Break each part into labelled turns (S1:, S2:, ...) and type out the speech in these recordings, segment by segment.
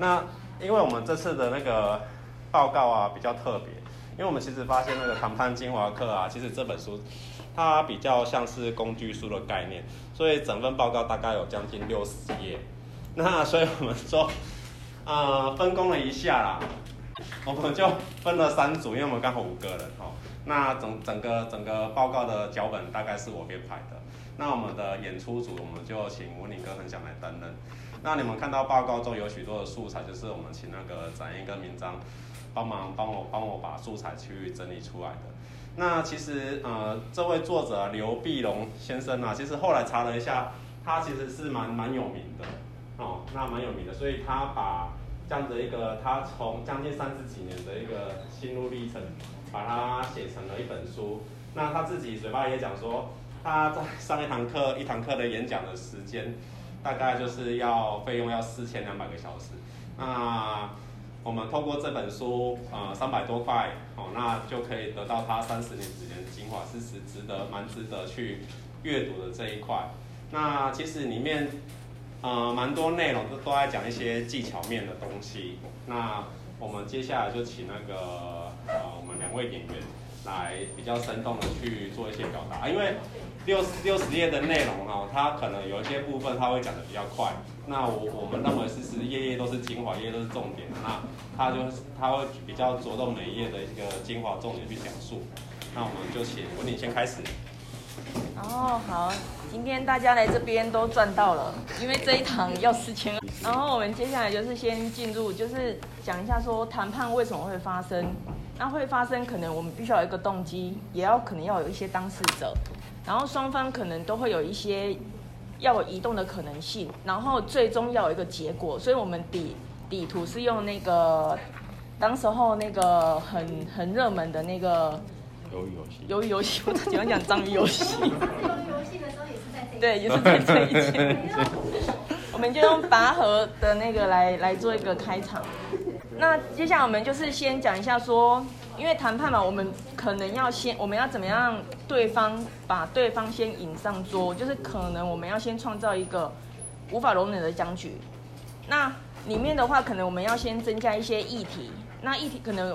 S1: 那因為我們這次的那個報告啊，比較特別，因為我們其實發現那個《談判精華課》啊，其實這本書它比較像是工具書的概念，所以整份報告大概有將近六十頁。那所以我們說，呃，分工了一下啦，我們就分了三組，因為我們剛好五個人哦。那整整個整個報告的腳本大概是我編排的，那我們的演出組我們就請溫寧哥很想來擔任。那你們看到報告中有許多的素材，就是我們請那個展燕跟名章幫忙幫我幫我把素材去整理出來的。那其實呃，這位作者劉必榮先生啊，其實後來查了一下，他其實是蠻蠻有名的哦，那蠻有名的，所以他把這樣的一個他從將近三十幾年的一個心路歷程，把它寫成了一本書。那他自己嘴巴也講說，他在上一堂課一堂課的演講的時間。大概就是要費用要四千兩百個小時，那我們透過這本書，呃，三百多塊，哦，那就可以得到它三十年之間的精華是值值得蠻值得去閱讀的這一塊。那其實裡面，呃，蠻多內容都都在講一些技巧面的東西。那我們接下來就請那個，呃，我們兩位演員。來比較生動的去做一些表達，因為六六十頁的內容哦、喔，它可能有一些部分它會講得比較快。那我我們認為是是頁頁都是精華，頁頁都是重點。那它就是它會比較着重每一頁的一個精華重點去講述。那我們就請文穎先開始。哦、
S2: oh,，好。今天大家來這邊都賺到了，因為這一堂要四千。然後我們接下來就是先進入，就是講一下說談判為什麼會發生。那會發生，可能我們必須要有一個動機，也要可能要有一些當事者，然後雙方可能都會有一些要有移動的可能性，然後最終要有一個結果。所以，我們底底圖是用那個當時候那個很很熱門的那個魷魚遊戲，魷魚遊戲，我講講章魚遊戲，章魚遊戲的時候也。對，就是在這一間， 我們就用拔河的那個來來做一個開場。那接下來我們就是先講一下說，因為談判嘛，我們可能要先，我們要怎麼樣讓對方把對方先引上桌？就是可能我們要先創造一個無法容忍的僵局。那裡面的話，可能我們要先增加一些議題。那議題可能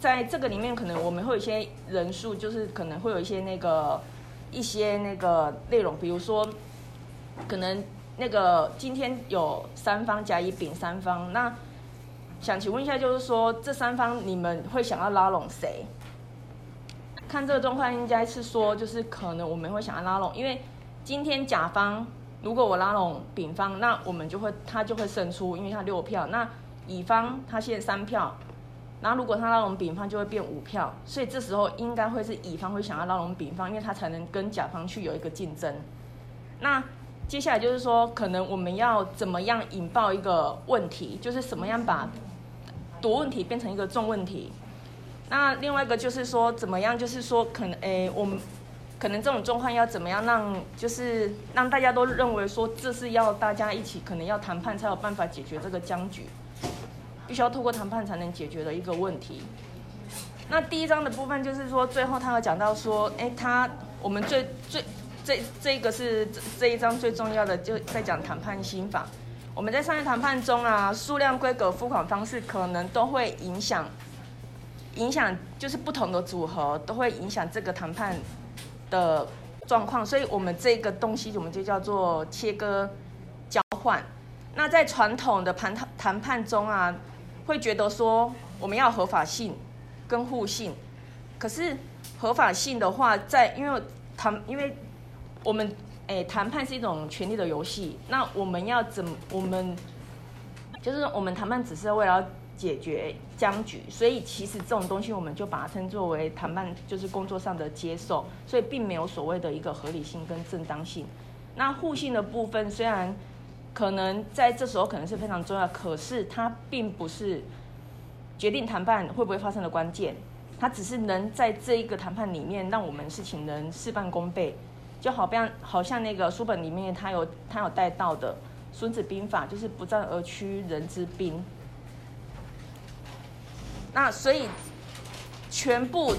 S2: 在這個裡面，可能我們會有一些人數，就是可能會有一些那個。一些那個內容，比如說，可能那個今天有三方甲、乙、丙三方，那想請問一下，就是說這三方你們會想要拉攏誰？看這個狀況，應該是說，就是可能我們會想要拉攏，因為今天甲方如果我拉攏丙方，那我們就會他就會勝出，因為他六票，那乙方他現在三票。然後如果他拉攏丙方，就會變五票，所以這時候應該會是乙方會想要拉攏丙方，因為他才能跟甲方去有一個競爭。那接下來就是說，可能我們要怎麼樣引爆一個問題，就是怎麼樣把，多問題變成一個重問題。那另外一個就是說，怎麼樣，就是說，可能誒，我們可能這種狀況要怎麼樣讓，就是讓大家都認為說，這是要大家一起可能要談判才有辦法解決這個僵局。必須要透過談判才能解決的一個問題。那第一章的部分就是說，最後他有講到說，誒、欸，他我們最最這這個是這，這一章最重要的，就在講談判心法。我們在商業談判中啊，數量、規格、付款方式可能都會影響，影響就是不同的組合都會影響這個談判的狀況，所以我們這個東西我們就叫做切割交換。那在傳統的談談談判中啊。會覺得說，我們要合法性跟互信，可是合法性的話在，在因為談，因為我們誒、欸、談判是一種權力的遊戲，那我們要怎麼我們就是我們談判只是為了解決僵局，所以其實這種東西我們就把它稱作為談判，就是工作上的接受，所以並沒有所謂的一個合理性跟正當性。那互信的部分雖然。可能在這時候可能是非常重要，可是它並不是決定談判會不會發生的關鍵，它只是能在這一個談判裡面讓我們事情能事半功倍。就好比好像那個書本裡面他有他有帶到的《孫子兵法》，就是不戰而屈人之兵。那所以全部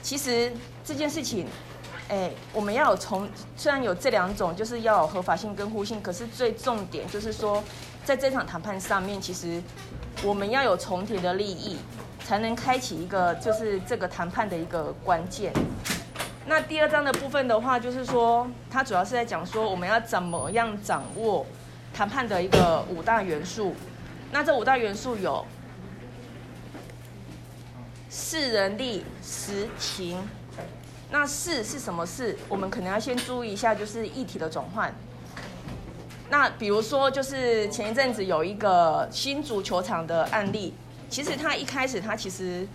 S2: 其實這件事情。哎、欸，我們要有從，雖然有這兩種，就是要有合法性跟互信，可是最重點就是說，在這場談判上面，其實我們要有重疊的利益，才能開啟一個就是這個談判的一個關鍵。那第二章的部分的話，就是說它主要是在講說我們要怎麼樣掌握談判的一個五大元素。那這五大元素有勢、人、力、時、情。那事是什麼事？我們可能要先注意一下，就是議題的轉換。那比如說，就是前一陣子有一個新竹球場的案例，其實他一開始他其實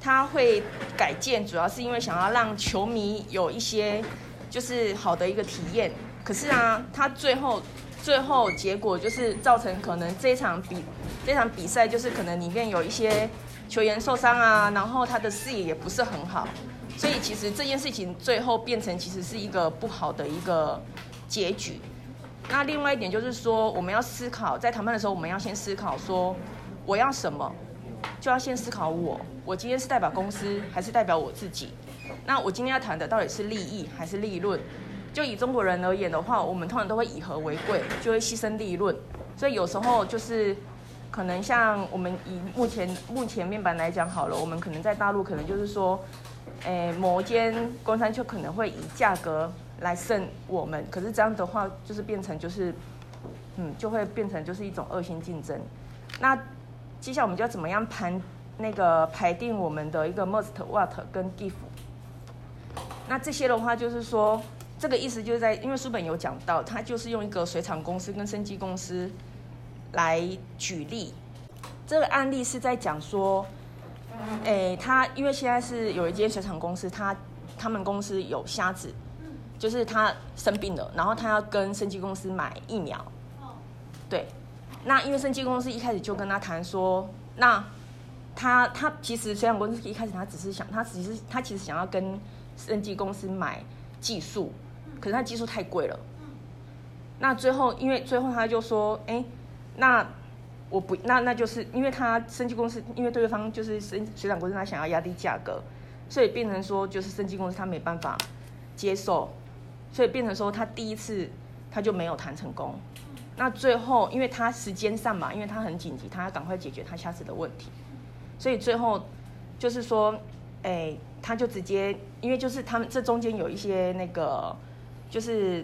S2: 他會改建，主要是因為想要讓球迷有一些就是好的一個體驗。可是啊，他最後最後結果就是造成可能這場比這場比賽就是可能裡面有一些球員受傷啊，然後他的視野也不是很好。所以其實這件事情最後變成其實是一個不好的一個結局。那另外一點就是說，我們要思考在談判的時候，我們要先思考說我要什麼，就要先思考我我今天是代表公司還是代表我自己。那我今天要談的到底是利益還是利潤？就以中國人而言的話，我們通常都會以和為貴，就會犧牲利潤。所以有時候就是可能像我們以目前目前面板來講好了，我們可能在大陸可能就是說。誒，某一間供應商就可能會以價格來勝我們，可是這樣的話就是變成就是，嗯，就會變成就是一種惡性競爭。那接下來我們就要怎麼樣排那個排定我們的一個 most what 跟 gift？那這些的話就是說，這個意思就是在因為書本有講到，它就是用一個水產公司跟生技公司來舉例，這個案例是在講說。誒、欸，他因為現在是有一間水產公司，他他們公司有蝦子，就是他生病了，然後他要跟生技公司買疫苗。對，那因為生技公司一開始就跟他談說，那他他其實水產公司一開始他只是想，他只是他其實想要跟生技公司買技術，可是他技術太貴了。那最後，因為最後他就說，哎、欸，那。我不，那那就是因為他生技公司，因為對方就是生水產公司，他想要壓低價格，所以變成說就是生技公司他沒辦法接受，所以變成說他第一次他就沒有談成功。那最後因為他時間上嘛，因為他很緊急，他要趕快解決他下次的問題，所以最後就是說，哎、欸，他就直接因為就是他們這中間有一些那個就是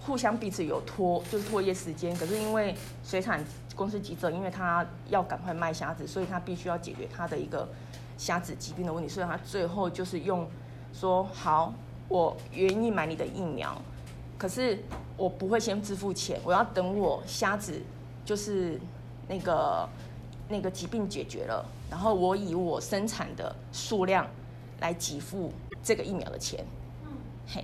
S2: 互相彼此有拖就是拖一些時間，可是因為水產。公司急着，因為他要趕快賣蝦子，所以他必須要解決他的一個蝦子疾病的問題。所以，他最後就是用說：“好，我願意買你的疫苗，可是我不會先支付錢，我要等我蝦子就是那個那個疾病解決了，然後我以我生產的數量來給付這個疫苗的錢。”嘿，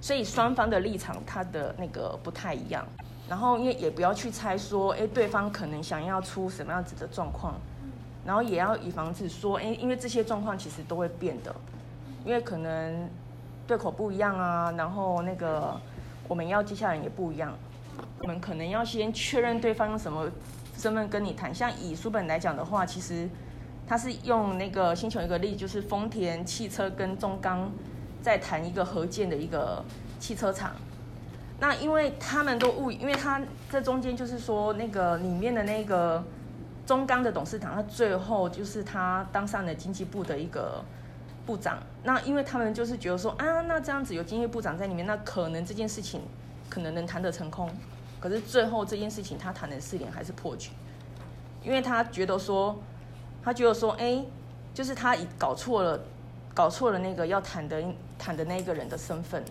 S2: 所以雙方的立場，他的那個不太一樣。然後，因為也不要去猜說，哎，對方可能想要出什麼樣子的狀況，然後也要以防止說，哎，因為這些狀況其實都會變的，因為可能對口不一樣啊，然後那個我們要接下來也不一樣，我們可能要先確認對方用什麼身份跟你談。像以書本來講的話，其實他是用那個星球一個例，就是豐田汽車跟中鋼在談一個合建的一個汽車廠。那因為他們都誤，因為他這中間就是說，那個裡面的那個中鋼的董事長，他最後就是他當上了經濟部的一個部長。那因為他們就是覺得說啊，那這樣子有經濟部長在裡面，那可能這件事情可能能談得成功。可是最後這件事情他談了四年還是破局，因為他覺得說，他覺得說，哎、欸，就是他搞錯了，搞錯了那個要談的談的那個人的身份。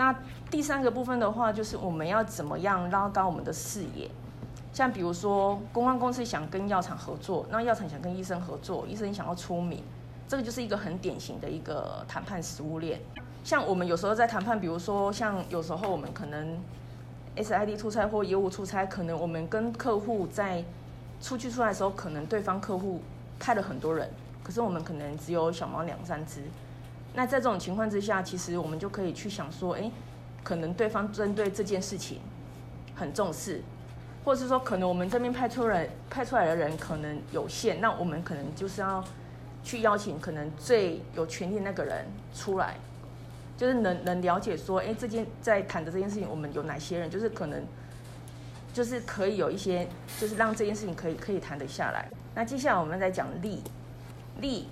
S2: 那第三個部分的話，就是我們要怎麼樣拉高我們的視野，像比如說公關公司想跟藥廠合作，那藥廠想跟醫生合作，醫生想要出名，這個就是一個很典型的一個談判食物鏈。像我們有時候在談判，比如說像有時候我們可能 S I D 出差或業務出差，可能我們跟客戶在出去出來的時候，可能對方客戶派了很多人，可是我們可能只有小貓兩三隻。那在這種情況之下，其實我們就可以去想說，誒、欸，可能對方針對這件事情很重視，或者是說，可能我們這邊派出來派出來的人可能有限，那我們可能就是要去邀請可能最有權力那個人出來，就是能能了解說，哎、欸，這件在談的這件事情，我們有哪些人，就是可能，就是可以有一些，就是讓這件事情可以可以談得下來。那接下來我們再講利，利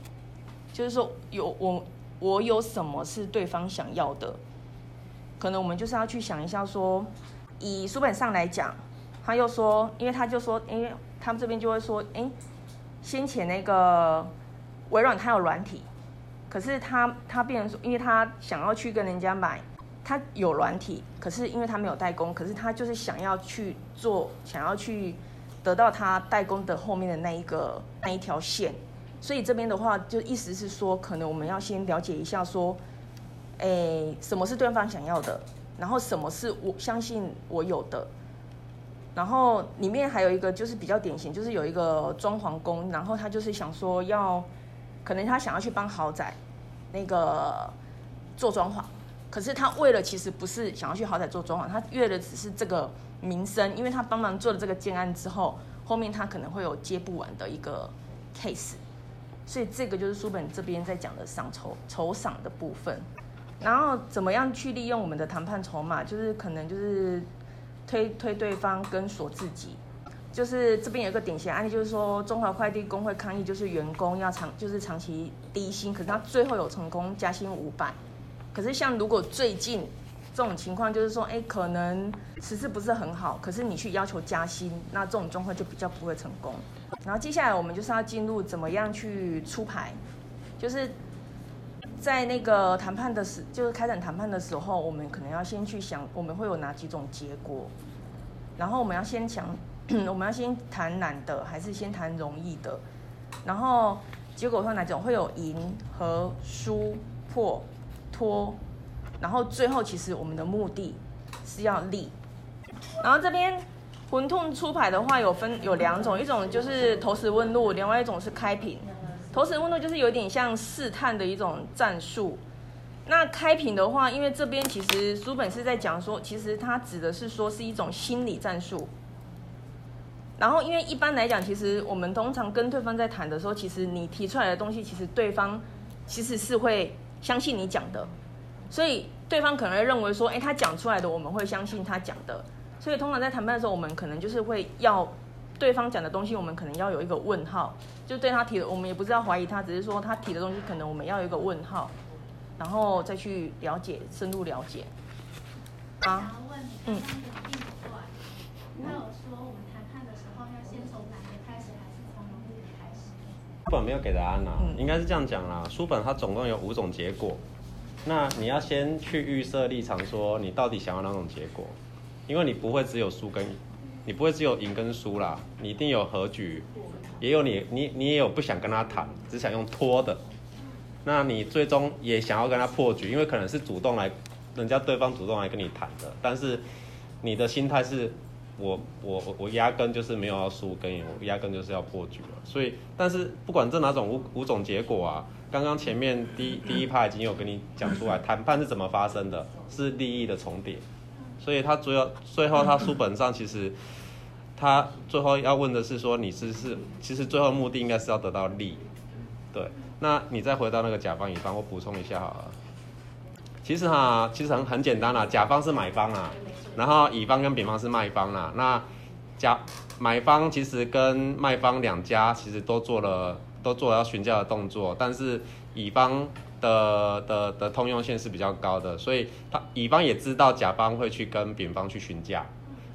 S2: 就是說有我。我有什麼是對方想要的？可能我們就是要去想一下說，說以書本上來講，他又說，因為他就說，因、欸、為他們這邊就會說，哎、欸，先前那個微軟它有軟體，可是他他變成說，因為他想要去跟人家買，他有軟體，可是因為他沒有代工，可是他就是想要去做，想要去得到他代工的後面的那一個那一條線。所以這邊的話，就意思是說，可能我們要先了解一下，說，哎、欸，什麼是對方想要的，然後什麼是我相信我有的，然後裡面還有一個就是比較典型，就是有一個裝潢工，然後他就是想說要，可能他想要去幫豪宅，那個做裝潢，可是他為了其實不是想要去豪宅做裝潢，他為了只是這個名聲，因為他幫忙做了這個建案之後，後面他可能會有接不完的一個 case。所以這個就是書本這邊在講的賞酬酬賞的部分，然後怎麼樣去利用我們的談判籌碼，就是可能就是推推對方跟鎖自己，就是這邊有一個典型案例，就是說中華快遞工會抗議，就是員工要長就是長期低薪，可是他最後有成功加薪五百，可是像如果最近。.這種情況就是說，誒、欸，可能實施不是很好，可是你去要求加薪，那這種狀況就比較不會成功。然後接下來我們就是要進入怎麼樣去出牌，就是在那個談判的時，就是開展談判的時候，我們可能要先去想，我們會有哪幾種結果，然後我們要先想，我們要先談難的，還是先談容易的，然後結果會哪種，會有贏和輸、破、拖。然後最後，其實我們的目的是要立。然後這邊混同出牌的話，有分有兩種，一種就是投石問路，另外一種是開屏。投石問路就是有點像試探的一種戰術。那開屏的話，因為這邊其實書本是在講說，其實它指的是說是一種心理戰術。然後因為一般來講，其實我們通常跟對方在談的時候，其實你提出來的東西，其實對方其實是會相信你講的。所以對方可能會認為說，哎、欸，他講出來的我們會相信他講的。所以通常在談判的時候，我們可能就是會要對方講的東西，我們可能要有一個問號，就對他提的，我們也不是要懷疑他，只是說他提的東西可能我們要有一個問號，然後再去了解、深入了解。啊，我要問你，嗯，剛剛的不，他有說我們談判的時候要先從
S1: 哪裡開始，還是從哪裡開始？書本沒有給答案啊，嗯、應該是這樣講啦、啊。書本它總共有五種結果。那你要先去預設立場，說你到底想要哪種結果，因為你不會只有輸跟贏。你不會只有贏跟輸啦，你一定有和局，也有你你你也有不想跟他談，只想用拖的，那你最終也想要跟他破局，因為可能是主動來，人家對方主動來跟你談的，但是你的心態是，我我我我壓根就是沒有要輸，跟我壓根就是要破局了。所以，但是不管這哪種五五種結果啊，剛剛前面第一第一趴已經有跟你講出來，談判是怎麼發生的，是利益的重疊。所以他主要最後他書本上其實他最後要問的是說，你是是其實最後目的應該是要得到利。對，那你再回到那個甲方乙方，我補充一下好了。其實哈，其實很很簡單啦，甲方是買方啊。然後，乙方跟丙方是賣方啦，那甲買方其實跟賣方兩家其實都做了都做了詢價的動作，但是乙方的的的，的通用性是比較高的，所以他乙方也知道甲方會去跟丙方去詢價，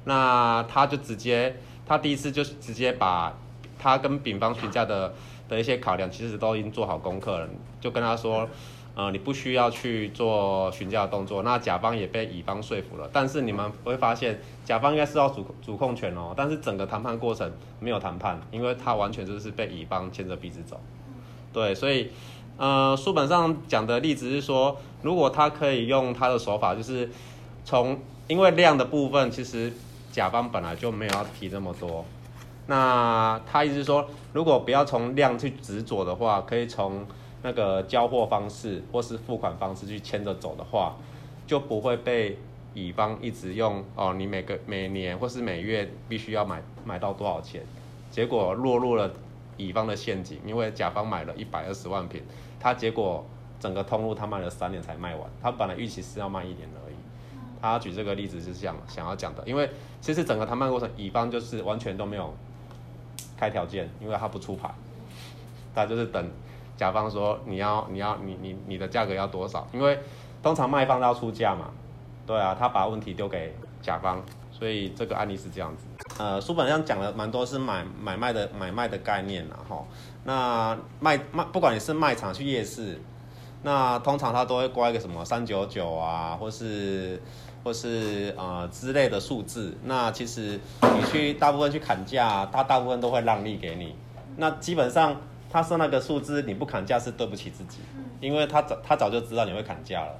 S1: 那他就直接他第一次就是直接把他跟丙方詢價的的一些考量，其實都已經做好功課了，就跟他說。呃，你不需要去做詢價的動作，那甲方也被乙方說服了，但是你們會發現，甲方應該是要主主控權哦，但是整個談判過程沒有談判，因為他完全就是被乙方牽着鼻子走，對，所以呃，書本上講的例子是說，如果他可以用他的手法，就是從因為量的部分，其實甲方本來就沒有要提那麼多，那他意思是說，如果不要從量去執着的話，可以從。那個交貨方式或是付款方式去牽着走的話，就不會被乙方一直用哦。你每個每年或是每月必須要買買到多少錢，結果落入了乙方的陷阱。因為甲方買了一百二十萬瓶，他結果整個通路他賣了三年才賣完，他本來預期是要賣一年而已。他舉這個例子就是這樣想要講的，因為其實整個談判過程乙方就是完全都沒有開條件，因為他不出牌，他就是等。甲方說，你要你要你你你的價格要多少？因為通常賣方都要出價嘛，對啊，他把問題丟給甲方，所以這個案例是這樣子。呃，書本上講了蠻多是買買賣的買賣的概念然後，那賣賣不管你是賣場去夜市，那通常他都會掛一個什麼三九九啊，或是或是呃之類的數字。那其實你去大部分去砍價，他大部分都會讓利給你。那基本上。他說那個數字你不砍價是對不起自己，因為他早他早就知道你會砍價了，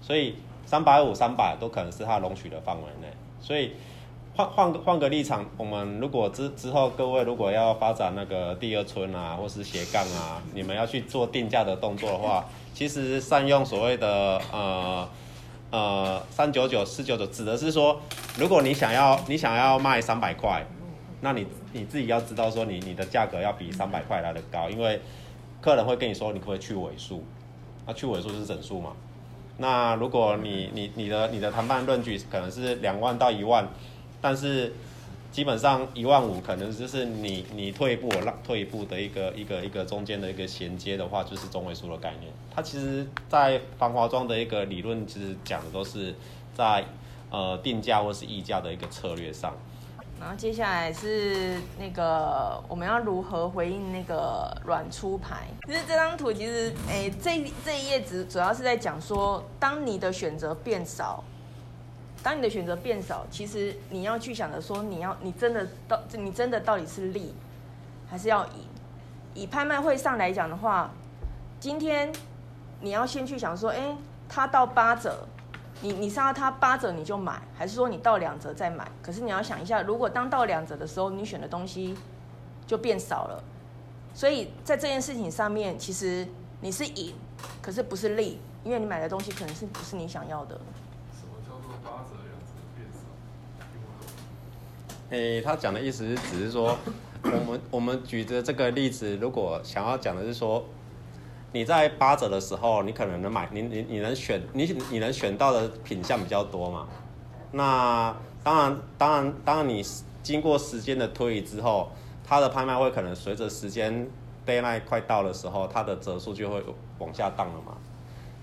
S1: 所以三百五三百都可能是他容許的範圍內。所以換換個換個立場，我們如果之之後各位如果要發展那個第二春啊，或是斜槓啊，你們要去做定價的動作的話，其實善用所謂的呃呃三九九四九九，399, 499, 指的是說，如果你想要你想要賣三百塊。那你你自己要知道，說你你的價格要比三百塊來的高，因為客人會跟你說，你可不可以去尾數？那、啊、去尾數就是整數嘛。那如果你你你的你的談判論據可能是兩萬到一萬，但是基本上一萬五可能就是你你退一步我讓退一步的一個一個一個中間的一個銜接的話，就是中位數的概念。它其實在繁華莊的一個理論，其實講的都是在呃定價或是議價的一個策略上。
S2: 然後接下來是那個我們要如何回應那個軟出牌？其實這張圖其實，哎、欸，這這一頁主主要是在講說，當你的選擇變少，當你的選擇變少，其實你要去想着說，你要你真的到你真的到底是利還是要贏？以拍賣會上來講的話，今天你要先去想說，哎、欸，他到八折。你你殺他八折你就買，還是說你到兩折再買？可是你要想一下，如果當到兩折的時候，你選的東西就變少了。所以在這件事情上面，其實你是贏，可是不是利，因為你買的東西可能是不是你想要的。什麼叫做八折兩折
S3: 變少？聽不
S1: 懂？哎、欸，他講的意思只是說， 我們我們舉着這個例子，如果想要講的是說。你在八折的時候，你可能能買，你你你能選，你你能選到的品相比較多嘛。那當然，當然，當然，你經過時間的推移之後，它的拍賣會可能隨着時間 deadline 快到的時候，它的折數就會往下 down 了嘛。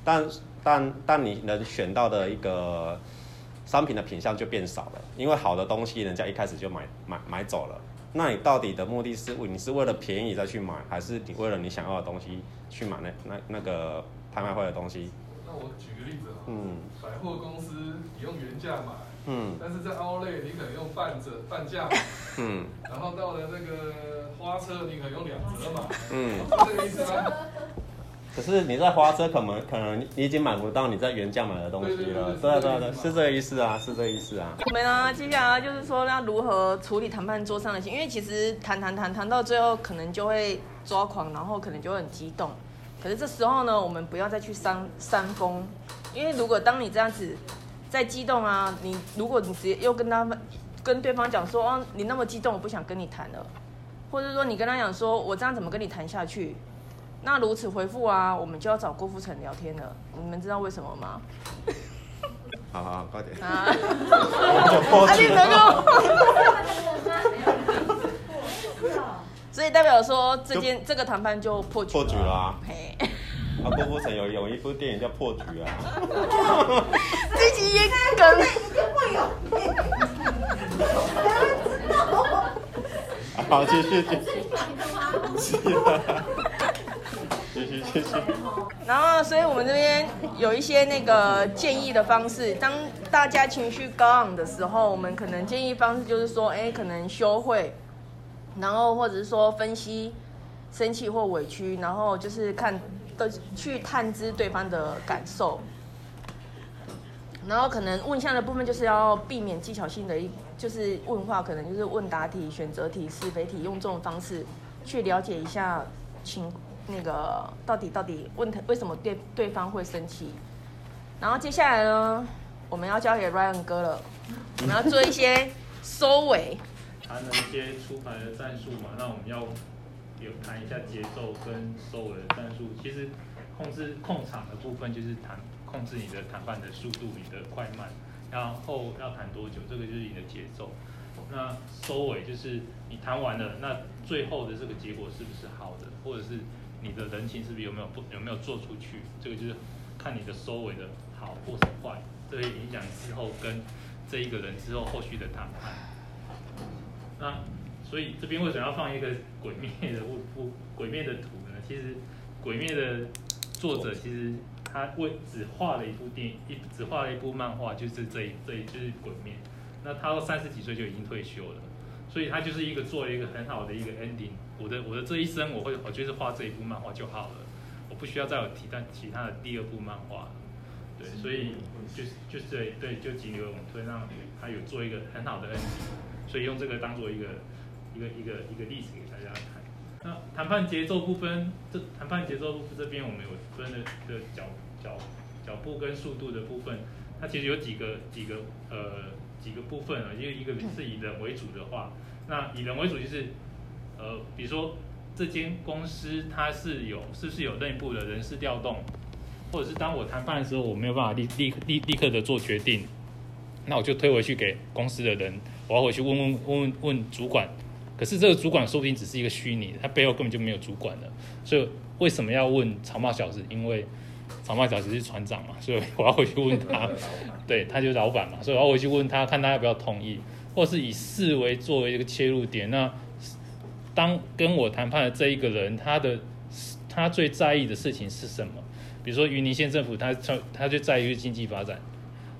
S1: 但但但你能選到的一個商品的品相就變少了，因為好的東西人家一開始就買買買走了。那你到底的目的是為？你是為了便宜再去買，還是你為了你想要的東西去買那那那個拍賣會的東西？那我舉個例子、哦、嗯，百貨公司你用原價
S3: 買，嗯，但是在 outlet 你可能用半折半價買，嗯，然後到了那個花車你可能
S1: 用
S2: 兩折買，嗯，是這個意思嗎？嗯
S1: 可是你在花車可能可能你已經買不到你在原價買的東西了對對對對對對對，對對對，是這個意思啊，是這個意思啊。
S2: 我們、啊、呢，接下來就是說那如何處理談判桌上的情，因為其實談談談談到最後可能就會抓狂，然後可能就會很激動。可是這時候呢，我們不要再去煽煽風，因為如果當你這樣子再激動啊，你如果你直接又跟他們跟對方講說哦，你那麼激動，我不想跟你談了，或者說你跟他講說，我這樣怎麼跟你談下去？那如此回復啊，我們就要找郭富城聊天了。你們知道為什麼嗎？
S1: 好好快
S2: 點啊！啊破啊你能夠、啊那個，所以代表說這件這個談判就破局了、啊、破局
S1: 啦、啊！嘿，阿郭富城有有一部電影叫《破局》啊。
S2: 這是一個梗。
S1: 哈哈哈哈哈好，繼續。啊謝
S2: 謝謝謝。然後，所以我們這邊有一些那個建議的方式。當大家情緒高昂的時候，我們可能建議方式就是說，哎，可能休會，然後或者是說分析生氣或委屈，然後就是看對去探知對方的感受。然後可能問下的部分就是要避免技巧性的一，就是問話可能就是問答題、選擇題、是非題，用這種方式去了解一下情況。那個到底到底問他為什麼對對方會生氣？然後接下來呢，我們要交給 Ryan 哥了，我們要做一些收尾 ，
S3: 談了一些出牌的戰術嘛。那我們要有談一下節奏跟收尾的戰術。其實控制控場的部分就是談控制你的談判的速度，你的快慢，然後要談多久，這個就是你的節奏。那收尾就是你談完了，那最後的這個結果是不是好的，或者是。你的人情是不是有沒有不有沒有做出去？這個就是看你的收尾的好或者壞，這個影響之後跟這一個人之後後續的談判。那所以這邊為什麼要放一個鬼滅的鬼滅的圖呢？其實鬼滅的作者其實他為只畫了一部電影一只畫了一部漫畫，就是這一這一就是鬼滅。那他三十幾歲就已經退休了。所以他就是一個做一個很好的一個 ending。我的我的這一生我會我就是畫這一部漫畫就好了，我不需要再有其他其他的第二部漫畫。對，所以就是就是對對，就僅由我們推讓，他有做一個很好的 ending。所以用這個當做一個一個一個一個例子給大家看。那談判節奏部分，這談判節奏部分這邊我們有分的的腳腳腳步跟速度的部分。它其實有幾個幾個呃。幾個部分啊，因為一個是以人為主的話，那以人為主就是，呃，比如說這間公司它是有，是不是有內部的人事調動，或者是當我談判的時候我沒有辦法立立立立刻的做決定，那我就推回去給公司的人，我要回去問問問問問主管，可是這個主管說不定只是一個虛擬的，他背後根本就沒有主管的，所以為什麼要問長茂小子？因為。麥是船長嘛，所以我要回去問他， 對，他就是老板嘛，所以我要回去問他，看他要不要同意，或是以四維作為一個切入點。那當跟我談判的這一個人，他的他最在意的事情是什麼？比如說雲林縣政府他，他他就在於經濟發展。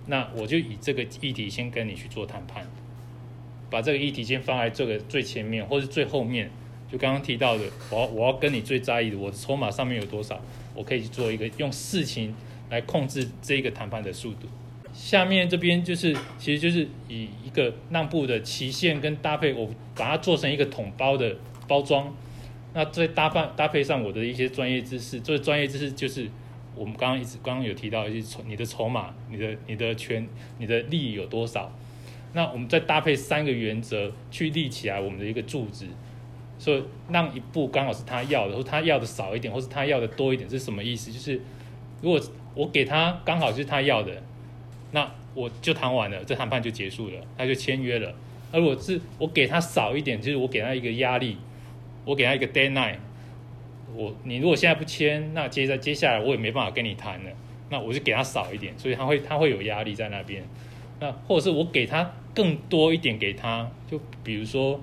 S3: 那我就以這個議題先跟你去做談判，把這個議題先放在這個最前面，或是最後面。就剛剛提到的，我我要跟你最在意的，我的籌碼上面有多少？我可以做一個用事情來控制這一個談判的速度。下面這邊就是，其實就是以一個讓步的期限跟搭配，我把它做成一個統包的包裝。那再搭配搭配上我的一些專業知識，這專業知識就是我們剛剛一直剛剛有提到，就是你的籌碼、你的你的權、你的利益有多少。那我們再搭配三個原則去立起來我們的一個柱子。所以讓一步剛好是他要的，或他要的少一點，或是他要的多一點是什麼意思？就是如果我給他剛好就是他要的，那我就談完了，這談判就結束了，他就簽約了。而我是我給他少一點，就是我給他一個壓力，我給他一個 deadline。我你如果現在不簽，那接在接下來我也沒辦法跟你談了，那我就給他少一點，所以他會他會有壓力在那邊。那或者是我給他更多一點給他，就比如說。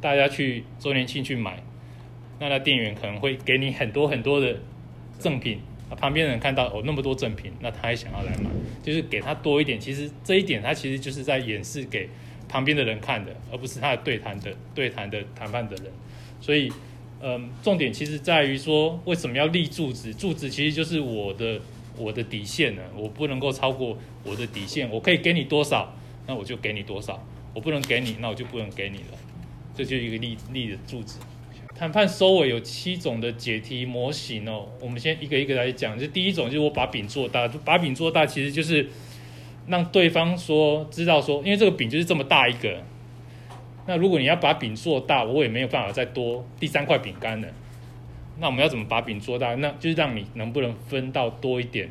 S3: 大家去周年慶去買，那那店員可能會給你很多很多的贈品。旁邊的人看到哦，那麼多贈品，那他還想要來買，就是給他多一點。其實這一點他其實就是在演示給旁邊的人看的，而不是他的對談的對談的談判的人。所以，嗯，重點其實在於說，為什麼要立柱子？柱子其實就是我的我的底線呢。我不能夠超過我的底線，我可以給你多少，那我就給你多少。我不能給你，那我就不能給你了。這就是一個立立的柱子。談判收尾有七種的解題模型哦，我們先一個一個來講。就第一種，就是我把餅做大。把餅做大，其實就是讓對方說知道說，因為這個餅就是這麼大一個。那如果你要把餅做大，我也沒有辦法再多第三塊餅乾了。那我們要怎麼把餅做大？那就是讓你能不能分到多一點。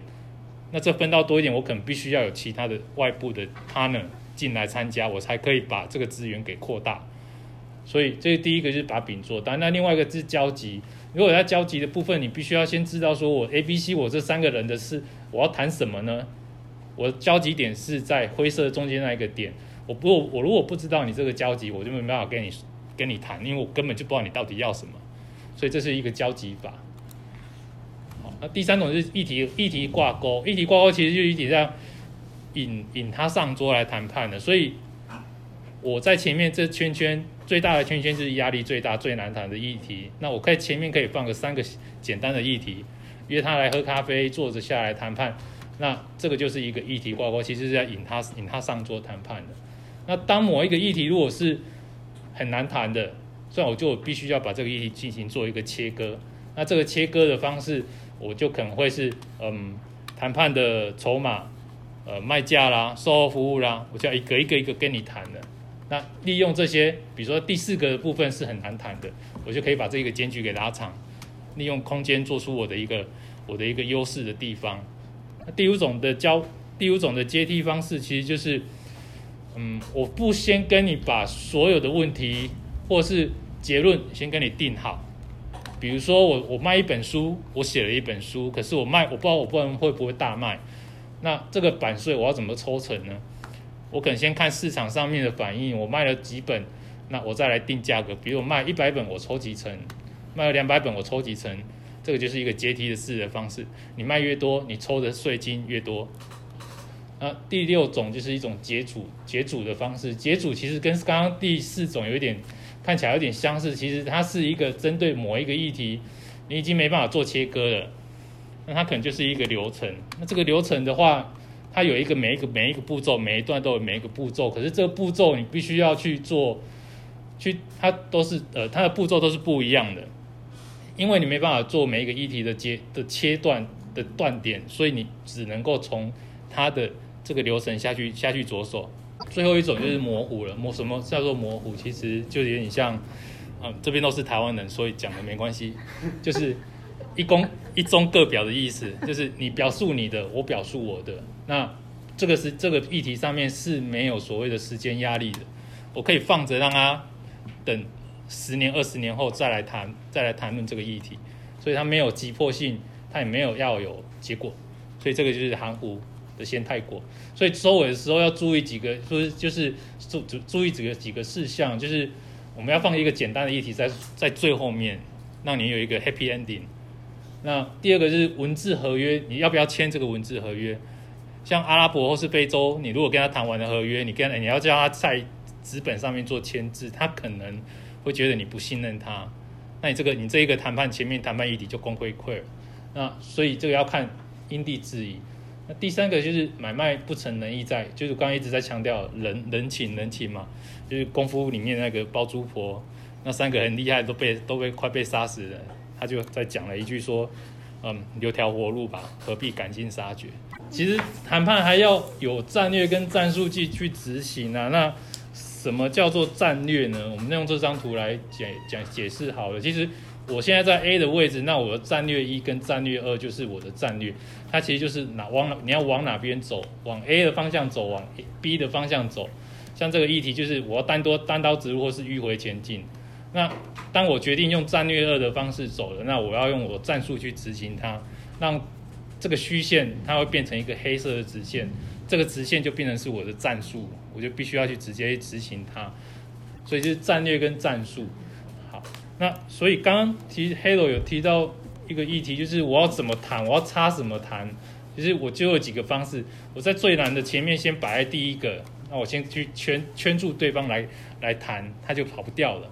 S3: 那這分到多一點，我可能必須要有其他的外部的 partner 進來參加，我才可以把這個資源給擴大。所以，這第一個就是把餅做大。那另外一個是交集。如果要交集的部分，你必須要先知道，說我 A、B、C，我這三個人的事，我要談什麼呢？我的交集點是在灰色的中間那一個點。我不，我如果不知道你這個交集，我就沒辦法跟你跟你談，因為我根本就不知道你到底要什麼。所以這是一個交集法。好，那第三種就是議題議題掛鈎。議題掛鈎其實就是議題這樣引引他上桌來談判的。所以我在前面這圈圈。最大的圈圈是壓力最大最難談的議題，那我可以前面可以放個三個簡單的議題，約他來喝咖啡，坐着下來談判，那這個就是一個議題掛鈎，其實是要引他引他上桌談判的。那當某一個議題如果是很難談的，所以我就必須要把這個議題進行做一個切割，那這個切割的方式我就可能會是，嗯，談判的籌碼，呃，賣價啦，售後服務啦，我就要一個一個一個跟你談的。那利用這些，比如說第四個部分是很難談的，我就可以把這個間距給拉長，利用空間做出我的一個我的一個優勢的地方。第五種的交，第五種的階梯方式其實就是，嗯，我不先跟你把所有的問題或是結論先跟你定好。比如說我我賣一本書，我寫了一本書，可是我賣我不知道我不能會不會大賣，那這個版稅我要怎麼抽成呢？我可能先看市場上面的反應，我賣了幾本，那我再來定價格。比如我賣一百本，我抽幾成；賣了兩百本，我抽幾成。這個就是一個階梯的式的方式。你賣越多，你抽的稅金越多。那第六種就是一種解組解組的方式。解組其實跟剛剛第四種有一點看起來有點相似，其實它是一個針對某一個議題，你已經沒辦法做切割了。那它可能就是一個流程。那這個流程的話。它有一個每一個每一個步驟，每一段都有每一個步驟，可是，這個步驟你必須要去做，去它都是呃它的步驟都是不一樣的，因為你沒辦法做每一個議題的接的切斷的斷點，所以你只能夠從它的這個流程下去下去着手。最後一種就是模糊了，模什麼叫做模糊？其實就有點像，嗯，這邊都是台灣人，所以講的沒關係，就是。一公一中各表的意思就是你表述你的，我表述我的。那這個是這個議題上面是沒有所謂的時間壓力的，我可以放着讓他等十年二十年後再來談，再來談論這個議題。所以他沒有急迫性，他也沒有要有結果，所以這個就是含糊的先太過。所以收尾的時候要注意幾個，就是就是注注注意幾個幾個事項，就是我們要放一個簡單的議題在在最後面，讓你有一個 happy ending。那第二個就是文字合約，你要不要簽這個文字合約？像阿拉伯或是非洲，你如果跟他談完的合約，你跟、欸、你要叫他在紙本上面做簽字，他可能會覺得你不信任他，那你這個你這一個談判前面談判議題就功虧一簣了。那所以這個要看因地制宜。那第三個就是買賣不成仁義在，就是剛剛一直在強調人人情人情嘛，就是功夫裡面那個包租婆那三個很厲害都被都被都快被殺死了。他就再講了一句說，嗯，留條活路吧，何必趕盡殺絕？其實談判還要有戰略跟戰術去去執行啊。那什麼叫做戰略呢？我們用這張圖來解講解釋好了。其實我現在在 A 的位置，那我的戰略一跟戰略二就是我的戰略，它其實就是哪往哪，你要往哪邊走，往 A 的方向走，往 B 的方向走。像這個議題就是我要單多單刀直入，或是迂回前進。那當我決定用戰略二的方式走了，那我要用我戰術去執行它，讓這個虛線它會變成一個黑色的直線，這個直線就變成是我的戰術，我就必須要去直接執行它。所以就是戰略跟戰術。好，那所以剛剛提 Halo 有提到一個議題，就是我要怎麼談，我要插什麼談，其實我就有幾個方式，我在最難的前面先擺在第一個，那我先去圈圈住對方來來談，他就跑不掉了。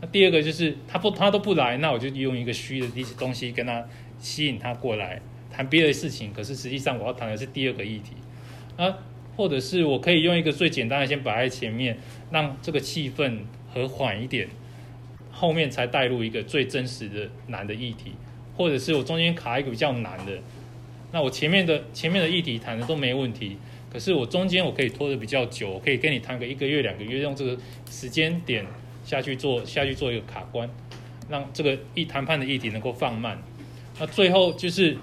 S3: 那第二個就是他不他都不來，那我就用一個虛的東西跟他吸引他過來談別的事情，可是實際上我要談的是第二個議題啊，或者是我可以用一個最簡單的先擺在前面，讓這個氣氛和緩一點，後面才帶入一個最真實的難的議題，或者是我中間卡一個比較難的，那我前面的前面的議題談的都沒問題，可是我中間我可以拖得比較久，我可以跟你談個一個月兩個月，用這個時間點，下去做下去做一個卡關，讓這個一談判的議題能夠放慢。那最後就是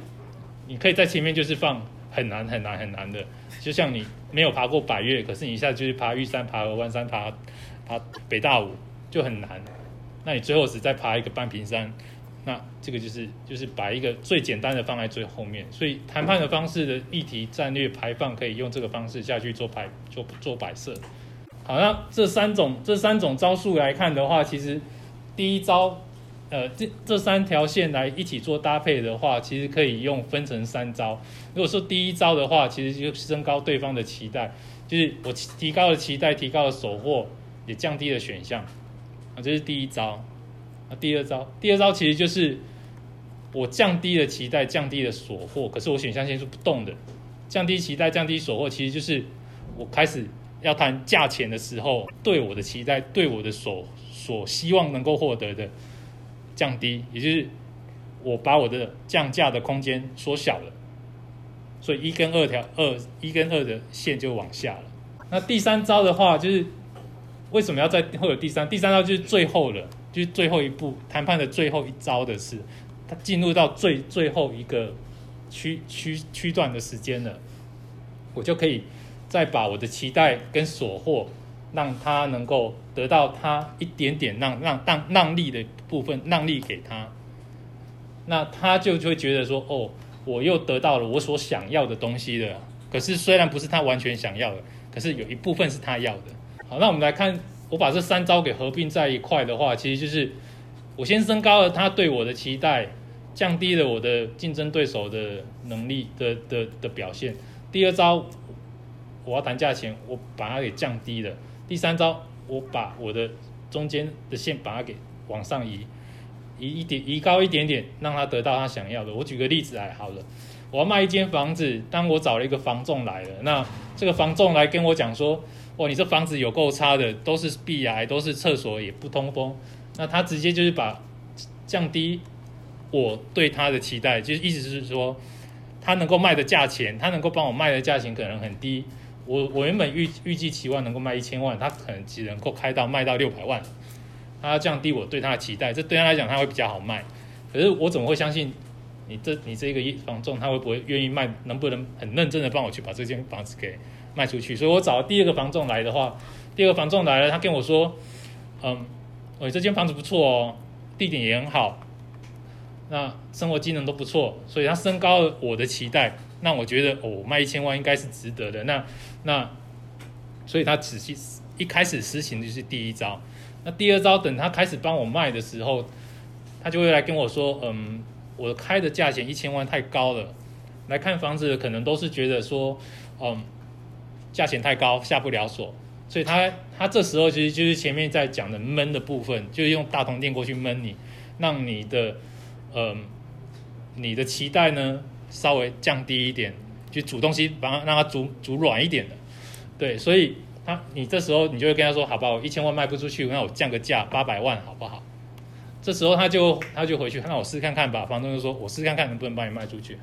S3: 你可以在前面就是放很難很難很難的，就像你沒有爬過百岳，可是你一下就是爬玉山爬鵝彎山爬爬北大武就很難。那你最後只再爬一個半屏山，那這個就是就是把一個最簡單的放在最後面。所以談判的方式的議題戰略排放可以用這個方式下去做排做做擺設。好，那這三種這三種招數來看的話，其實第一招，呃，這這三條線來一起做搭配的話，其實可以用分成三招。如果說第一招的話，其實就是升高對方的期待，就是我提高了期待，提高了所獲，也降低了選項啊，這、就是第一招啊。第二招，第二招其實就是我降低了期待，降低了所獲，可是我選項線是不動的，降低期待，降低所獲，其實就是我開始。要談價錢的時候，對我的期待，對我的所所希望能夠獲得的降低，也就是我把我的降價的空間縮小了，所以一跟二條二一跟二的線就往下了。那第三招的話，就是為什麼要再，會有第三？第三招就是最後了，就是最後一步談判的最後一招的是，它進入到最最後一個區區區段的時間了，我就可以，再把我的期待跟所獲，讓他能夠得到他一點點讓讓讓讓利的部分讓利給他，那他就就會覺得說哦，我又得到了我所想要的東西了。可是雖然不是他完全想要的，可是有一部分是他要的。好，那我們來看，我把這三招給合併在一塊的話，其實就是我先升高了他對我的期待，降低了我的競爭對手的能力的的的表現。第二招。我要談價錢，我把它給降低了。第三招，我把我的中間的線把它給往上移，移一點，移高一點點，讓他得到他想要的。我舉個例子來，好了，我要賣一間房子，當我找了一個房仲來了，那這個房仲來跟我講說，哦，你這房子有夠差的，都是壁癌，都是廁所也不通風。那他直接就是把降低我對他的期待，就是意思是說，他能夠賣的價錢，他能夠幫我賣的價錢可能很低。我我原本預預計期望能夠賣一千萬，他可能只能夠開到賣到六百萬，他要降低我對他的期待，這對他來講他會比較好賣。可是我怎麼會相信你這你這個一房仲他會不會願意賣，能不能很認真的幫我去把這間房子給賣出去？所以我找了第二個房仲來的話，第二個房仲來了，他跟我說，嗯，我、哎、這間房子不錯哦，地點也很好，那生活機能都不錯，所以他升高了我的期待。那我覺得，哦，我賣一千萬應該是值得的。那那，所以他只是一開始實行就是第一招。那第二招，等他開始幫我賣的時候，他就會來跟我說，嗯，我開的價錢一千萬太高了，來看房子可能都是覺得說，嗯，價錢太高，下不了手。所以他他這時候其實就是前面在講的悶的部分，就是用大銅電過去悶你，讓你的嗯，你的期待呢？稍微降低一點，就煮東西，把它讓它煮煮軟一點的。對，所以他你這時候你就會跟他說，好吧，我一千萬賣不出去，那我降個價八百萬，好不好？這時候他就他就回去，那我試試看看吧。房仲就說，我試試看看能不能幫你賣出去。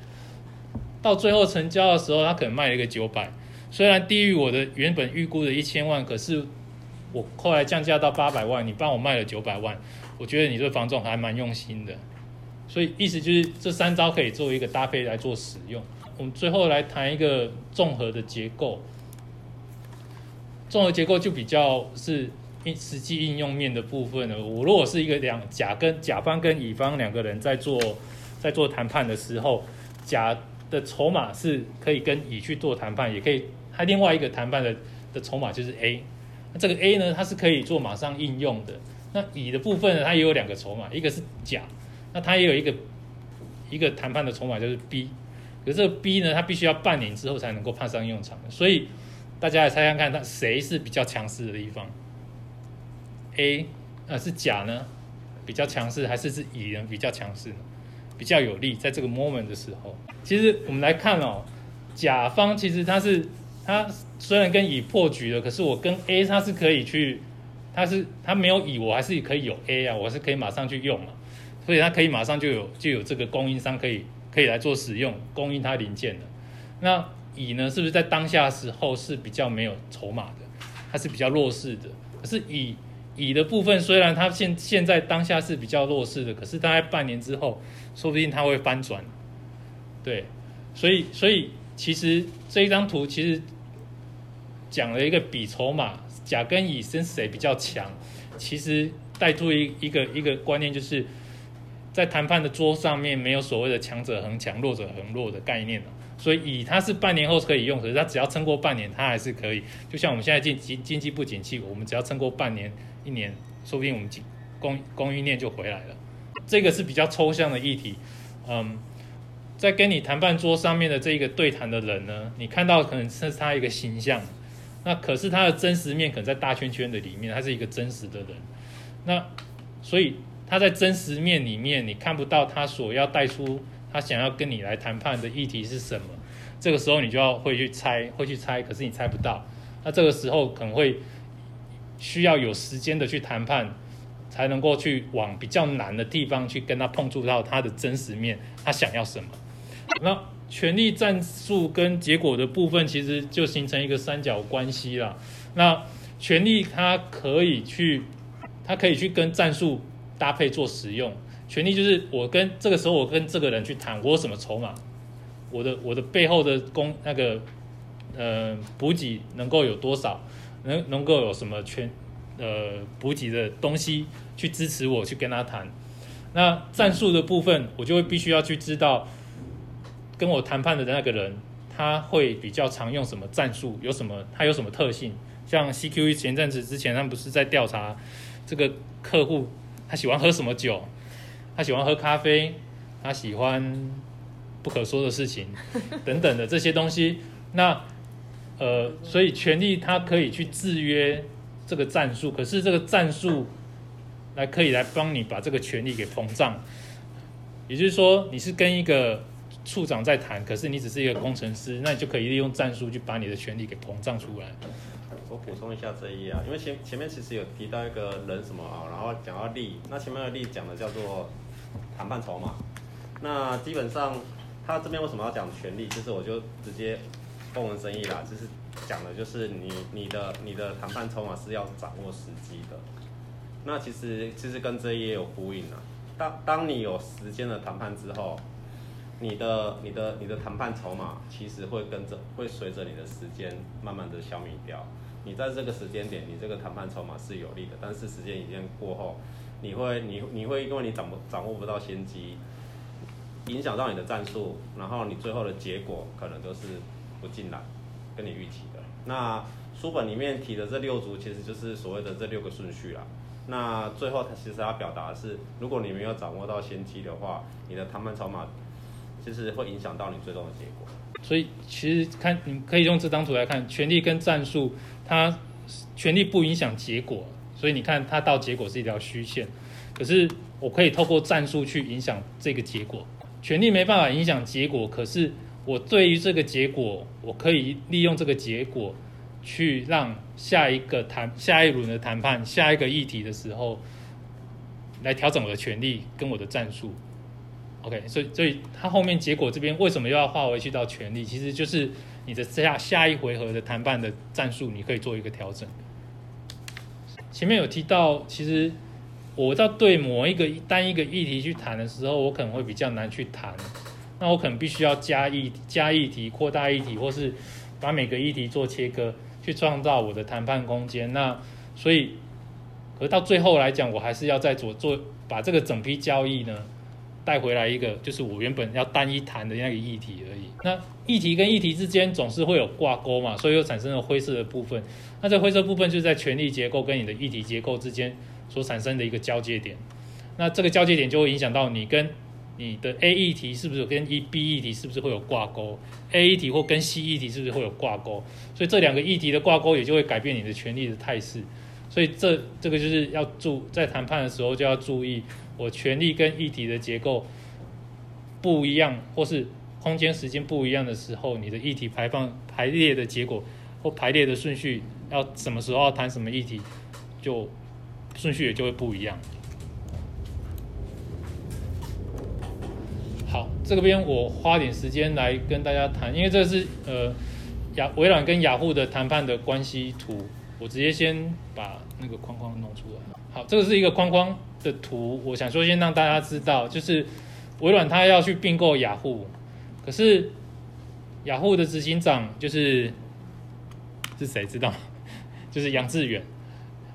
S3: 到最後成交的時候，他可能賣了一個九百，雖然低於我的原本預估的一千萬，可是我後來降價到八百萬，你幫我賣了九百萬，我覺得你這房仲還蠻用心的。所以意思就是這三招可以作為一個搭配來做使用。我們最後來談一個綜合的結構。綜合結構就比較是實際應用面的部分呢，我如果是一個兩甲跟甲方跟乙方兩個人在做在做談判的時候，甲的籌碼是可以跟乙去做談判，也可以他另外一個談判的的籌碼就是 A。這個 A 呢，它是可以做馬上應用的。那乙的部分呢，它也有兩個籌碼，一個是甲。那他也有一個一個談判的籌碼，就是 B。可是這個 B 呢，他必須要半年之後才能夠派上用場。所以大家來猜猜看，他誰是比較強勢的地方？A，啊，是甲呢比較強勢，還是是乙呢比較強勢？比較有利在這個 moment 的時候？其實我們來看哦，甲方其實他是他雖然跟乙破局了，可是我跟 A 他是可以去，他是他沒有乙，我還是可以有 A 啊，我是可以馬上去用嘛。所以它可以馬上就有就有這個供應商可以可以來做使用供應它零件的。那乙呢，是不是在當下的時候是比較沒有籌碼的？它是比較弱勢的。可是乙乙的部分雖然它現現在當下是比較弱勢的，可是大概半年之後，說不定它會翻轉。對，所以所以其實這一張圖其實講了一個比籌碼，甲跟乙，看誰比較強。其實帶出一一個一個觀念就是。在談判的桌上面沒有所謂的強者恆強、弱者恆弱的概念。所以以他是半年後可以用，可是他只要撐過半年，他還是可以。就像我們現在經經經濟不景氣，我們只要撐過半年、一年，說不定我們經供供應鏈就回來了。這個是比較抽象的議題。嗯，在跟你談判桌上面的這一個對談的人呢，你看到可能是他一個形象，那可是他的真實面可能在大圈圈的裡面，他是一個真實的人。那所以。他在真實面裡面，你看不到他所要帶出，他想要跟你來談判的議題是什麼。這個時候你就要會去猜，會去猜，可是你猜不到。那這個時候可能會需要有時間的去談判，才能夠去往比較難的地方去跟他碰觸到他的真實面，他想要什麼。那權力、戰術跟結果的部分，其實就形成一個三角關係了。那權力，它可以去，它可以去跟戰術。搭配做使用，權力就是我跟這個時候我跟這個人去談，我有什麼籌碼，我的我的背後的工，那個呃補給能夠有多少，能能夠有什麼全呃補給的東西去支持我去跟他談。那戰術的部分，我就會必須要去知道跟我談判的那個人他會比較常用什麼戰術，有什麼他有什麼特性，像 CQE 前陣子之前他們不是在調查這個客戶。他喜歡喝什麼酒？他喜歡喝咖啡？他喜歡不可說的事情等等的這些東西。那呃，所以權力他可以去制約這個戰術，可是這個戰術來可以來幫你把這個權力給膨脹。也就是說，你是跟一個處長在談，可是你只是一個工程師，那你就可以利用戰術去把你的權力給膨脹出來。
S1: 我補充一下這一頁啊，因為前前面其實有提到一個人什麼啊，然後講到力，那前面的力講的叫做談判籌碼。那基本上他這邊為什麼要講權力？就是我就直接望文生義啦，就是講的就是你你的你的談判籌碼是要掌握時機的。那其實其實跟這一頁有呼應啊。當當你有時間的談判之後，你的你的你的談判籌碼其實會跟着會隨着你的時間慢慢的消滅掉。你在這個時間點，你這個談判籌碼是有利的，但是時間已經過後，你會你你會因為你掌握掌握不到先機，影響到你的戰術，然後你最後的結果可能都是不進來，跟你預期的。那書本裡面提的這六組其實就是所謂的這六個順序啦。那最後它其實要表達的是，如果你沒有掌握到先機的話，你的談判籌碼其實會影響到你最終的結果。
S3: 所以其實看，你可以用這張圖來看，權力跟戰術，它權力不影響結果，所以你看它到結果是一條虛線。可是我可以透過戰術去影響這個結果，權力沒辦法影響結果，可是我對於這個結果，我可以利用這個結果，去讓下一個談、下一輪的談判、下一個議題的時候，來調整我的權力跟我的戰術。OK，所以所以他後面結果這邊為什麼又要劃回去到權力？其實就是你的下下一回合的談判的戰術，你可以做一個調整。前面有提到，其實我在對某一個單一個議題去談的時候，我可能會比較難去談，那我可能必須要加議加議題，擴大議題，或是把每個議題做切割，去創造我的談判空間。那所以，可是到最後來講，我還是要在做做把這個整批交易呢。帶回來一個，就是我原本要單一談的那個議題而已。那議題跟議題之間總是會有掛鈎嘛，所以又產生了灰色的部分。那這灰色部分就是在權力結構跟你的議題結構之間所產生的一個交接點。那這個交接點就會影響到你跟你的 A 議題是不是跟 B 議題是不是會有掛鈎？A 議題或跟 C 議題是不是會有掛鈎？所以這兩個議題的掛鈎也就會改變你的權力的態勢。所以這這個就是要注在談判的時候就要注意，我權力跟議題的結構不一樣，或是空間時間不一樣的時候，你的議題排放排列的結果或排列的順序，要什麼時候要談什麼議題，就順序也就會不一樣。好，這個邊我花點時間來跟大家談，因為這是呃雅微軟跟雅虎的談判的關係圖，我直接先把。那個框框弄出來，好，這個是一個框框的圖。我想說，先讓大家知道，就是微軟它要去併購雅虎，可是雅虎的執行長就是是誰知道？就是楊致遠。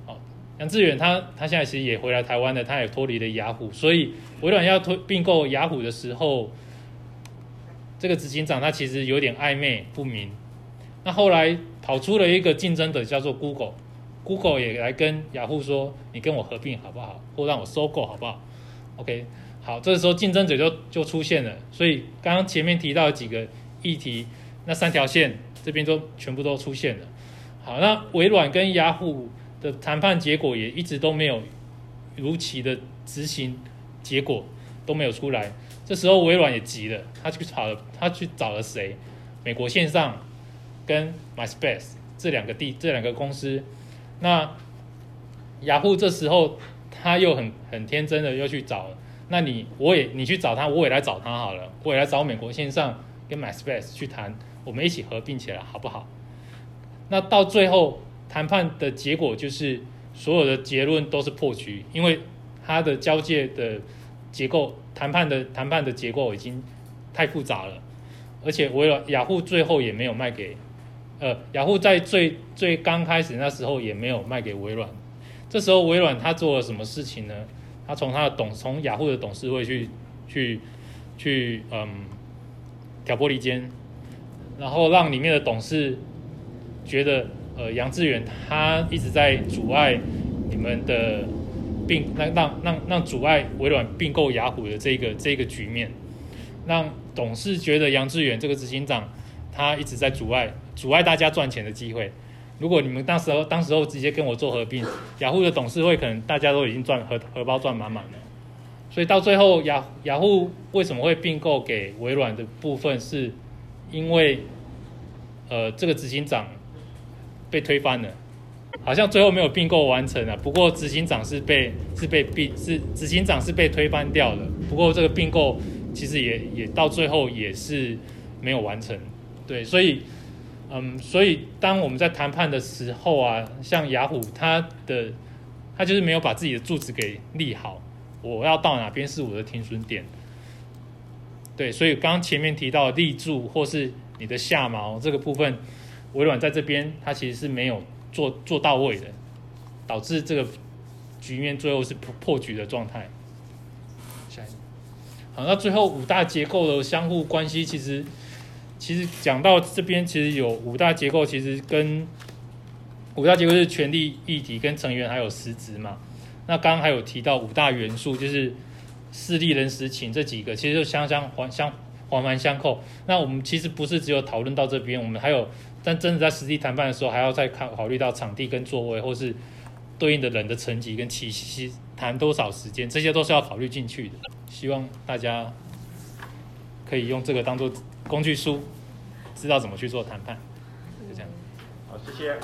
S3: 哦，楊致遠他他現在其實也回來台灣的，他也脫離了雅虎，所以微軟要推併購雅虎的時候，這個執行長他其實有點曖昧不明。那後來跑出了一個競爭者，叫做 Google。Google 也來跟雅虎說：“你跟我合併好不好，或讓我收購好不好？”OK，好，這時候競爭者就就出現了。所以剛剛前面提到的幾個議題，那三條線這邊都全部都出現了。好，那微軟跟雅虎的談判結果也一直都沒有如期的執行，結果都沒有出來。這時候微軟也急了，他去找了，他去找了誰？美國線上跟 MySpace 這兩個地這兩個公司。那雅虎這時候他又很很天真的又去找，那你我也你去找他，我也來找他好了，我也來找美國線上跟 MySpace 去談，我們一起合併起來好不好？那到最後談判的結果就是所有的結論都是破局，因為他的交界的結構談判的談判的結構已經太複雜了，而且為了雅虎最後也沒有賣給。呃，雅虎在最最剛開始那時候也沒有賣給微軟。這時候微軟他做了什麼事情呢？他從他的董，從雅虎的董事會去去去，嗯，挑撥離間，然後讓裡面的董事覺得，呃，楊致遠他一直在阻礙你們的併，那讓讓讓讓阻礙微軟併購雅虎的這個這個局面，讓董事覺得楊致遠這個執行長他一直在阻礙。阻礙大家賺錢的機會。如果你們到時候當時候直接跟我做合併，雅虎的董事會可能大家都已經賺荷荷包賺滿滿了。所以到最後雅雅虎為什麼會併購給微軟的部分，是因為呃這個執行長被推翻了，好像最後沒有併購完成了。不過執行長是被是被併是執行長是被推翻掉了。不過這個併購其實也也到最後也是沒有完成。對，所以。嗯，所以當我們在談判的時候啊，像雅虎他，它的、它就是沒有把自己的柱子給立好。我要到哪邊是我的停損點？對，所以剛、剛前面提到立柱或是你的下錨這個部分，微軟在這邊它其實是沒有做做到位的，導致這個局面最後是破破局的狀態。好，那最後五大結構的相互關係其實。其實講到這邊，其實有五大結構，其實跟五大結構是權力議題、跟成員還有實質嘛。那剛剛還有提到五大元素，就是勢、力、人、時、情這幾個，其實就相相環相環環相扣。那我們其實不是只有討論到這邊，我們還有，但真的在實際談判的時候，還要再考考慮到場地跟座位，或是對應的人的層級跟氣息談多少時間，這些都是要考慮進去的。希望大家可以用這個當做工具書，知道怎麼去做談判，
S1: 就這樣。好，謝謝。